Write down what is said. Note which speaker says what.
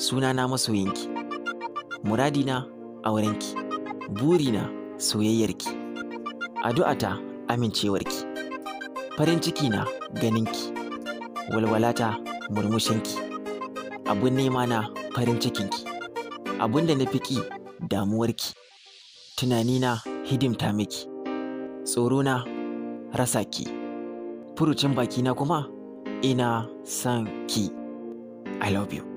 Speaker 1: sunana masoyinki muradina aurenki burina soyayyarki addu'ata amincewarki farin ciki na ganinki walwalata murmushinki abun nema na farin cikinki abun da na fi ƙi damuwarki tunanina hidimta miki tsorona rasa ki furucin bakina kuma ina son ki i love you